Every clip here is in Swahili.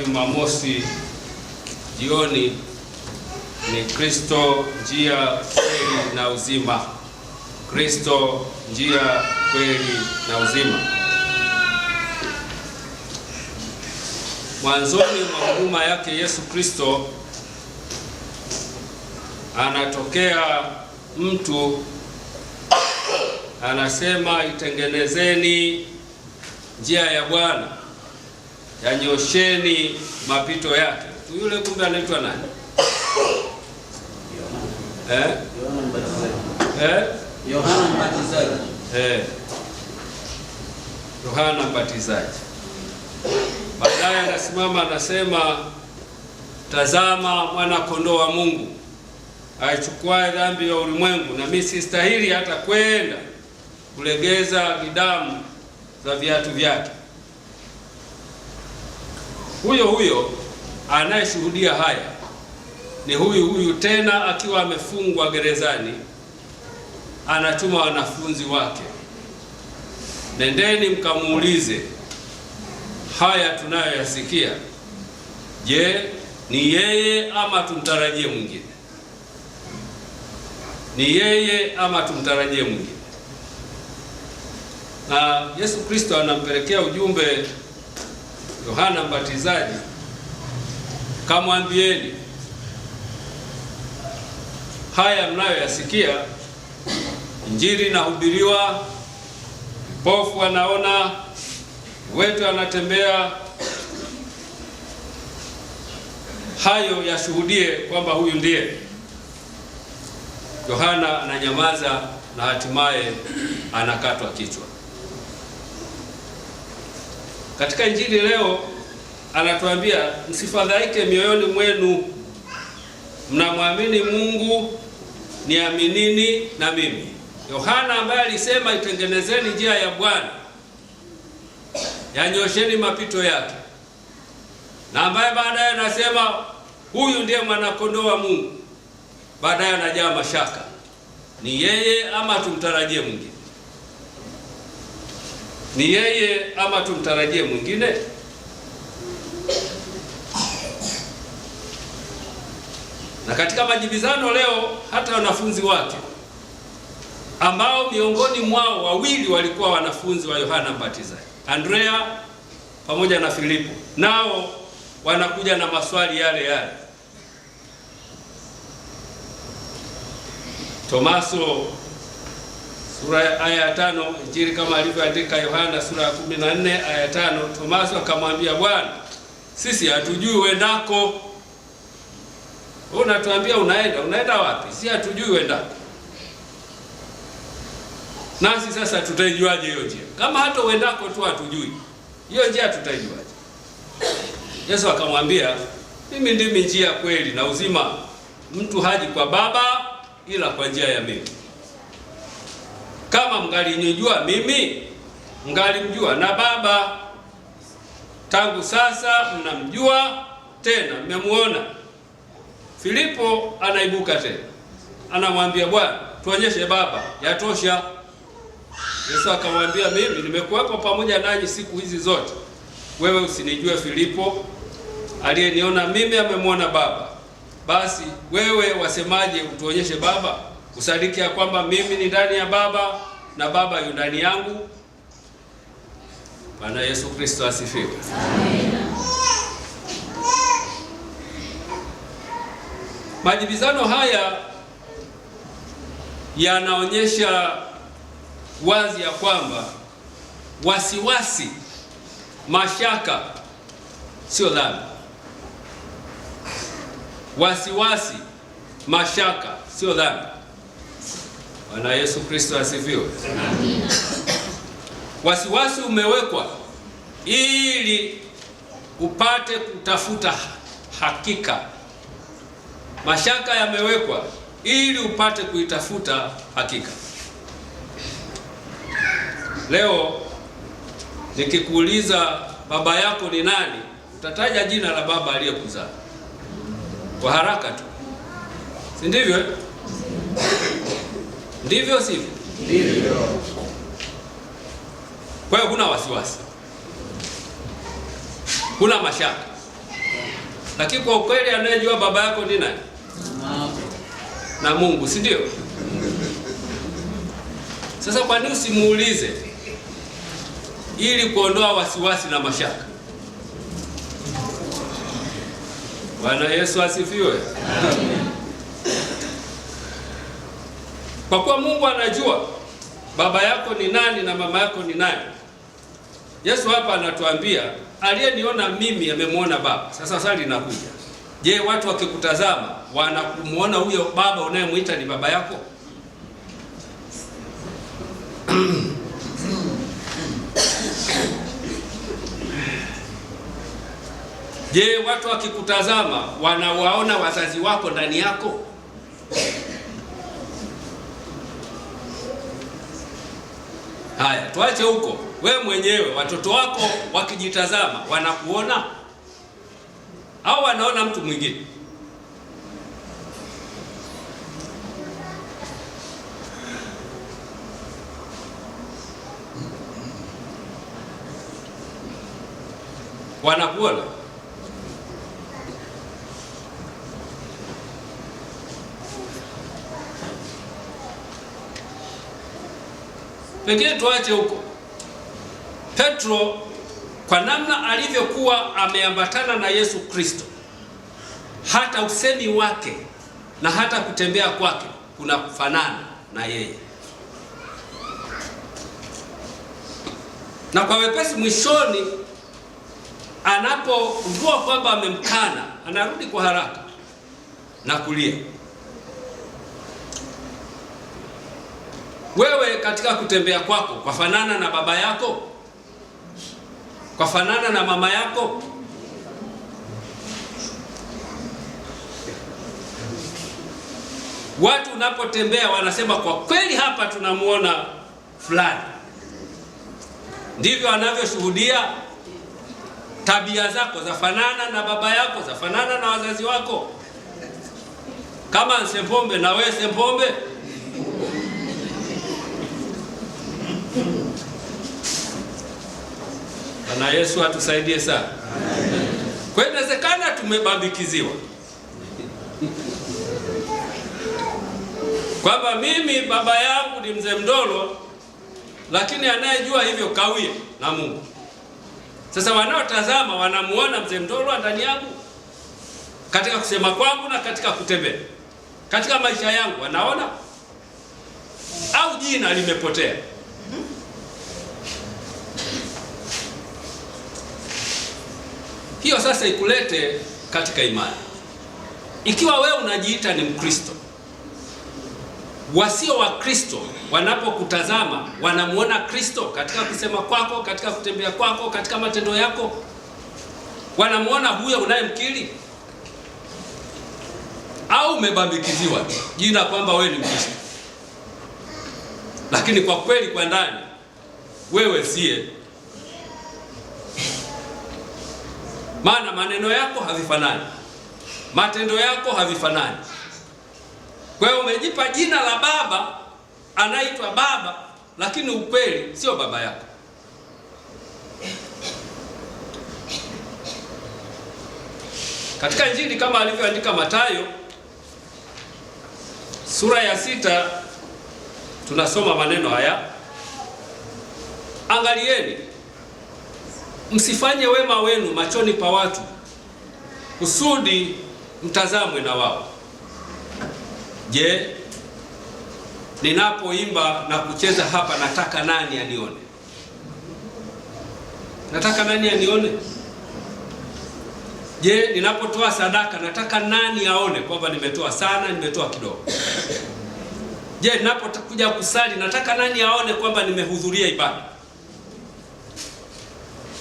Jumamosi jioni ni Kristo njia, kweli na uzima. Kristo njia, kweli na uzima. Mwanzoni mwa huduma yake Yesu Kristo anatokea mtu anasema, itengenezeni njia ya Bwana yanyosheni mapito yake. Yule kumbe anaitwa nani? Eh? Eh? Eh? Yohana Mbatizaji. Yohana Mbatizaji. Baadaye anasimama anasema, tazama mwana kondoo wa Mungu aichukuae dhambi ya ulimwengu, na mimi sistahili hata kwenda kulegeza vidamu za viatu vyake huyo huyo anayeshuhudia haya ni huyu huyu tena, akiwa amefungwa gerezani, anatuma wanafunzi wake, nendeni mkamuulize haya tunayoyasikia, je, ni yeye ama tumtarajie mwingine? Ni yeye ama tumtarajie mwingine? Na Yesu Kristo anampelekea ujumbe Yohana Mbatizaji kamwambieni, haya mnayoyasikia, injili inahubiriwa, mpofu anaona, wetu anatembea, hayo yashuhudie kwamba huyu ndiye. Yohana ananyamaza na hatimaye anakatwa kichwa. Katika Injili leo anatuambia msifadhaike mioyoni mwenu, mnamwamini Mungu niaminini na mimi. Yohana ambaye alisema itengenezeni njia ya Bwana, yanyosheni mapito yake, na ambaye baadaye anasema huyu ndiye mwanakondoo wa Mungu, baadaye anajaa mashaka, ni yeye ama tumtarajie mwingine? ni yeye ama tumtarajie mwingine? Na katika majibizano leo, hata wanafunzi wake ambao miongoni mwao wawili walikuwa wanafunzi wa Yohana Mbatizaji, Andrea pamoja na Filipo, nao wanakuja na maswali yale yale. Tomaso sura aya ya tano Injili kama alivyoandika Yohana sura ya 14 aya ya tano Tomaso akamwambia Bwana, sisi hatujui uendako. Wewe unatuambia unaenda, unaenda wapi? Si hatujui wendako Nasi sasa tutaijuaje hiyo njia? Kama hata uendako tu hatujui. Hiyo njia tutaijuaje? Yesu akamwambia, mimi ndimi njia, kweli na uzima. Mtu haji kwa Baba ila kwa njia ya mimi. Kama mngalinijua mimi, mngalimjua na Baba. Tangu sasa mnamjua tena, mmemuona. Filipo anaibuka tena, anamwambia Bwana, tuonyeshe Baba, yatosha. Yesu akamwambia, mimi nimekuwepo pamoja nanyi siku hizi zote, wewe usinijue Filipo? Aliyeniona mimi amemwona Baba. Basi wewe wasemaje, utuonyeshe Baba? kusadiki ya kwamba mimi ni ndani ya Baba na Baba yu ndani yangu. Bwana Yesu Kristo asifiwe. Amen. Majibizano haya yanaonyesha wazi ya kwamba wasiwasi, mashaka sio dhambi. Wasiwasi, mashaka sio dhambi. Bwana Yesu Kristo asifiwe. Wasiwasi umewekwa ili upate kutafuta hakika. Mashaka yamewekwa ili upate kuitafuta hakika. Leo nikikuuliza baba yako ni nani, utataja jina la baba aliyekuzaa kwa haraka tu, si ndivyo? ndivyo sivyo? Ndivyo. Kwa hiyo kuna wasiwasi, kuna mashaka, lakini kwa ukweli anayejua baba yako ni nani? Na Mungu, si ndio? Sasa kwa nini usimuulize ili kuondoa wasiwasi na mashaka? Bwana Yesu asifiwe. Amen. Kwa kuwa Mungu anajua baba yako ni nani na mama yako ni nani. Yesu hapa anatuambia aliyeniona mimi amemwona Baba. Sasa swali linakuja, je, watu wakikutazama wanamuona huyo baba unayemwita ni baba yako? Je, watu wakikutazama wanawaona wazazi wako ndani yako? Haya, tuache huko. We mwenyewe watoto wako wakijitazama wanakuona au wanaona mtu mwingine? Wanakuona pengine tuache huko. Petro kwa namna alivyokuwa ameambatana na Yesu Kristo, hata usemi wake na hata kutembea kwake kuna kufanana na yeye, na kwa wepesi mwishoni, anapogundua kwamba amemkana, anarudi kwa haraka na kulia. Wewe katika kutembea kwako kwa fanana na baba yako? kwa fanana na mama yako? Watu unapotembea wanasema kwa kweli hapa tunamuona fulani. Ndivyo anavyoshuhudia tabia zako zafanana na baba yako, zafanana na wazazi wako. Kama Nsempombe na wewe Sempombe Bwana Yesu atusaidie sana. Kwa inawezekana tumebambikiziwa kwamba mimi baba yangu ni mzee Mdolo, lakini anayejua hivyo kawie na Mungu. Sasa wanaotazama wanamuona mzee Mdolo ndani yangu katika kusema kwangu na katika kutembea katika maisha yangu, wanaona au jina limepotea. hiyo sasa ikulete katika imani. Ikiwa wewe unajiita ni Mkristo, wasio wa Kristo wanapokutazama wanamuona Kristo katika kusema kwako, katika kutembea kwako, katika matendo yako, wanamuona huyo unayemkiri au umebambikiziwa jina kwamba wewe ni Mkristo, lakini kwa kweli kwa ndani wewe siye maana maneno yako havifanani, matendo yako havifanani. Kwa hiyo umejipa jina la baba, anaitwa baba, lakini ukweli sio baba yako. Katika Injili kama alivyoandika Mathayo sura ya sita tunasoma maneno haya, angalieni msifanye wema wenu machoni pa watu kusudi mtazamwe na wao. Je, ninapoimba na kucheza hapa, nataka nani anione? Nataka nani anione? Je, ninapotoa sadaka, nataka nani aone kwamba nimetoa sana, nimetoa kidogo? Je, ninapokuja kusali, nataka nani aone kwamba nimehudhuria ibada?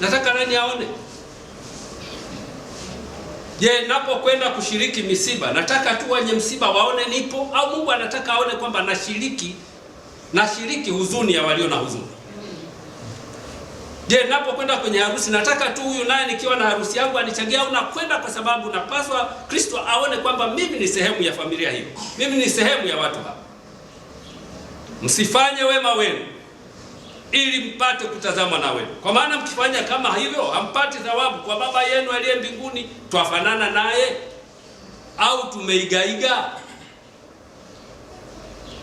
nataka nani aone? Je, napokwenda kushiriki misiba nataka tu wenye msiba waone nipo, au Mungu anataka aone kwamba nashiriki nashiriki huzuni ya walio na huzuni? Je, napokwenda kwenye harusi nataka tu huyu naye nikiwa na harusi yangu anichangia, au nakwenda kwa sababu napaswa Kristo aone kwamba mimi ni sehemu ya familia hiyo, mimi ni sehemu ya watu hapa. Msifanye wema wenu ili mpate kutazama na wenu, kwa maana mkifanya kama hivyo hampati thawabu kwa Baba yenu aliye mbinguni. Twafanana naye au tumeigaiga?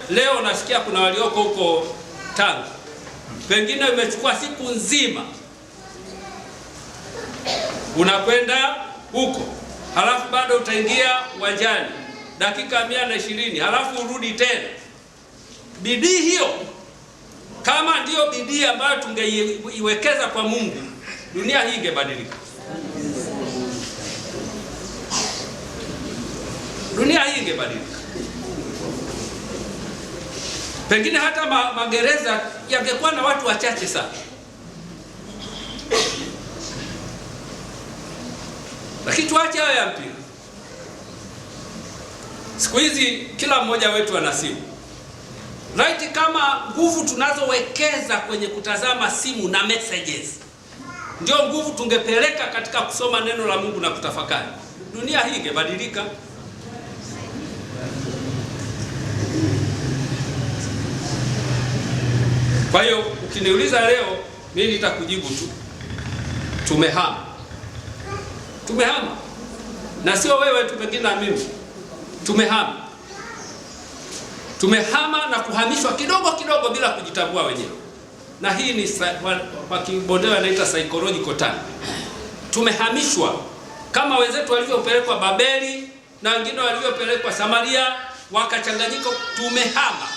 Leo nasikia kuna walioko huko Tanga, pengine imechukua siku nzima, unakwenda huko halafu bado utaingia uwanjani dakika mia na ishirini halafu urudi tena. Bidii hiyo kama ndiyo bidii ambayo tungeiwekeza kwa Mungu, dunia hii ingebadilika, dunia hii ingebadilika. Pengine hata ma magereza yangekuwa na watu wachache sana, lakini tuache hayo ya mpira. Siku hizi kila mmoja wetu ana simu right? Kama nguvu tunazowekeza kwenye kutazama simu na messages ndio nguvu tungepeleka katika kusoma neno la Mungu na kutafakari, dunia hii ingebadilika. Kwa hiyo ukiniuliza leo, mimi nitakujibu tu, tumehama, tumehama, na sio wewe tu, pengine na mimi tumehama. Tumehama na kuhamishwa kidogo kidogo bila kujitambua wenyewe, na hii ni kwa Kibondeo anaita psychological turn. Tumehamishwa kama wenzetu walivyopelekwa Babeli na wengine walivyopelekwa Samaria wakachanganyika. Tumehama.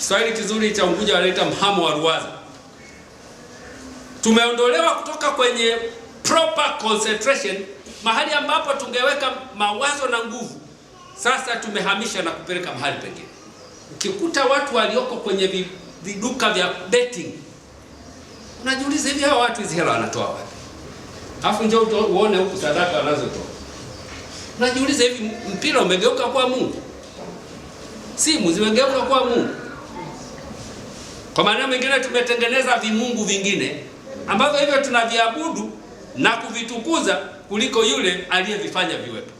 Swahili kizuri cha Unguja wanaita mhamo wa ruwaza. Tumeondolewa kutoka kwenye proper concentration, mahali ambapo tungeweka mawazo na nguvu sasa tumehamisha na kupeleka mahali pengine. Ukikuta watu walioko kwenye viduka vya betting, unajiuliza hivi hawa watu hizi hela wanatoa wapi? Alafu njoo uone huku sadaka wanazotoa, unajiuliza hivi mpira umegeuka kwa Mungu, simu zimegeuka kwa Mungu. Kwa maana mengine tumetengeneza vimungu vingine ambavyo hivyo tunaviabudu na kuvitukuza kuliko yule aliyevifanya viwepo.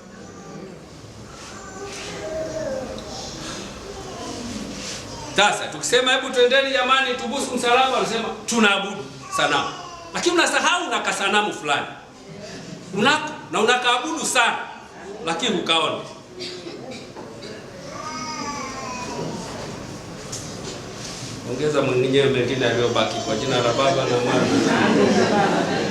Sasa tukisema hebu twendeni jamani, tubusu msalaba, anasema tunaabudu sanamu, lakini unasahau una kasanamu fulani unako na unakaabudu sana, lakini ukaona ongeza mwenyewe mengine aliyobaki kwa jina la Baba na Mwana